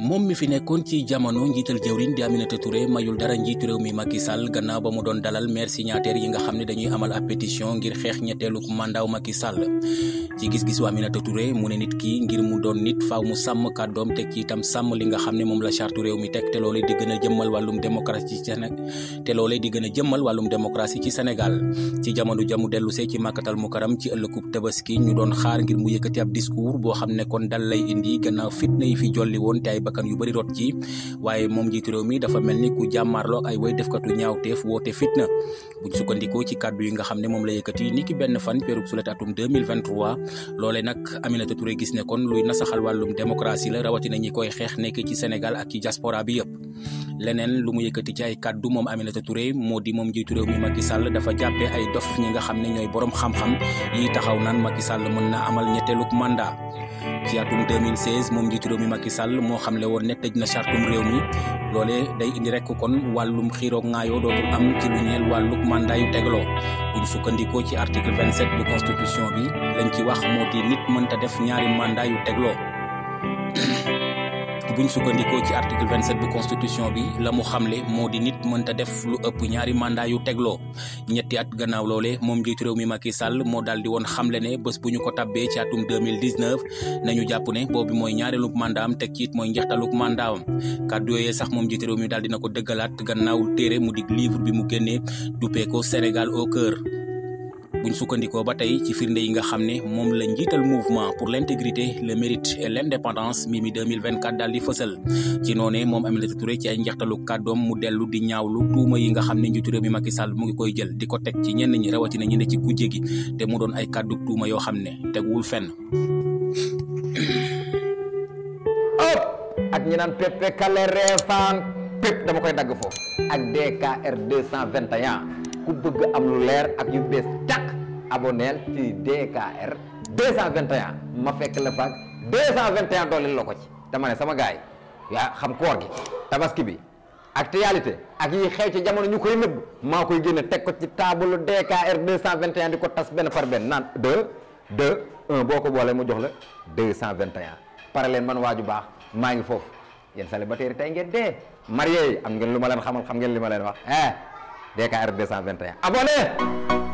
moom mi fi nekkoon ci jamono njiital jëwriñ di Aminata Touré mayul dara njiitu réew mi Macky Sall gannaaw ba mu doon dalal maire signataire yi nga xam ne dañuy amal ab pétition ngir xeex ñetteelu mandaaw Macky Sall ci gis-gisu Aminata Touré mu ne nit ki ngir mu doon nit faaw mu sàmm kàddoom teg ci itam sàmm li nga xam ne moom la charte réew mi teg te loolee di gën a jëmmal wàllum démocratie ci Sénégal te loolee di gën a jëmmal wàllum démocratie ci ci jamono jamu dellu see ci màkkatal mu karam ci ëllëgub tabaski ñu doon xaar ngir mu yëkkati boo xam ne kon dal lay indi woon bakkan yu bëri rot ci waaye moom njiitu réew mi dafa mel ni ku jàmmaarloog ay way defkatu ñaawteef woote fitna buñ sukkandikoo ci kàddu yi nga xam ne moom la yëkkati ni ki benn fan peerub sulet atum 2023 loole nag Aminata Touré gis ne kon luy nasaxal wàllum démocratie la rawatina ñi koy xeex nekk ci Sénégal ak ci diaspora bi yëpp leneen lu mu yëkkati ci ay kàddu moom Aminata Touré moo di moom njiitu réew mi Macky sàll dafa jàppe ay dof ñi nga xam ne ñooy borom xam-xam yi taxaw naan i sàll mën na amal ñetteelug mandat. ci atum 2016 moom njiitu réew mi Macky sàll moo xam woon ne tëj na chartum réew mi loolee day indi rek kon wàllum xiiroo ŋaayoo dootul am ci lu ñeel wàllug mandat yu tegloo buñ sukkandikoo ci article 27 bu constitution bi lañ ci wax moo di nit mënta def ñaari mandat yu tegloo. buñ sukkandikoo ci article 27 bu constitution bi la mu xamle moo di nit mënta def lu ëpp ñaari mandat yu tegloo ñetti at gannaaw loole moom njiitu réew mi i sàll moo daal di woon xamle ne bés bu ñu ko tabbee ci atum 2019 nañu jàpp ne boobu mooy ñaareelu mandat am teg ci it mooy njeextalu mandat am kàddu sax moom njiitu réew mi daal dina ko dëggalaat gannaaw téere mu dig livre bi mu génnee duppee ko Sénégal au cœur buñ sukkandikoo ba tey ci firnde yi nga xam ne moom la njiital mouvement pour l'intégrité le mérite et l'indépendance Mimi 2024 daal di fësal ci noonee moom Aminata Touré ci ay njeextalu kàddoom mu dellu di ñaawlu tuuma yi nga xam ne njiitu réew mu ngi koy jël di ko teg ci ñenn ñi rawatina ñi ne ci kujje gi doon ay kàddu tuuma yoo xam ne teguwul fenn op ak ñi naan peppe kale reefaan pépp dama koy dagg foofu ak DKR 221 ku bëgg am lu leer ak yu bees tàq aboneel ci DKR 221 ma fekk la faag 221 dooleel la ko ci dama ne sama gaa yi yaa xam koor gi tabaski bi actualité ak yi xew ci jamono ñu koy nëbb maa koy génne teg ko ci taabalu DKR 221 di ko tas benn par benn naan de de 1 boo ko boolee mu jox la de 221 pare leen man waaju baax maa ngi foofu yéen célibataire tey ngeen dee marié yi am ngeen lu ma leen xamal xam ngeen li ma leen wax eh, DKR 221 abonné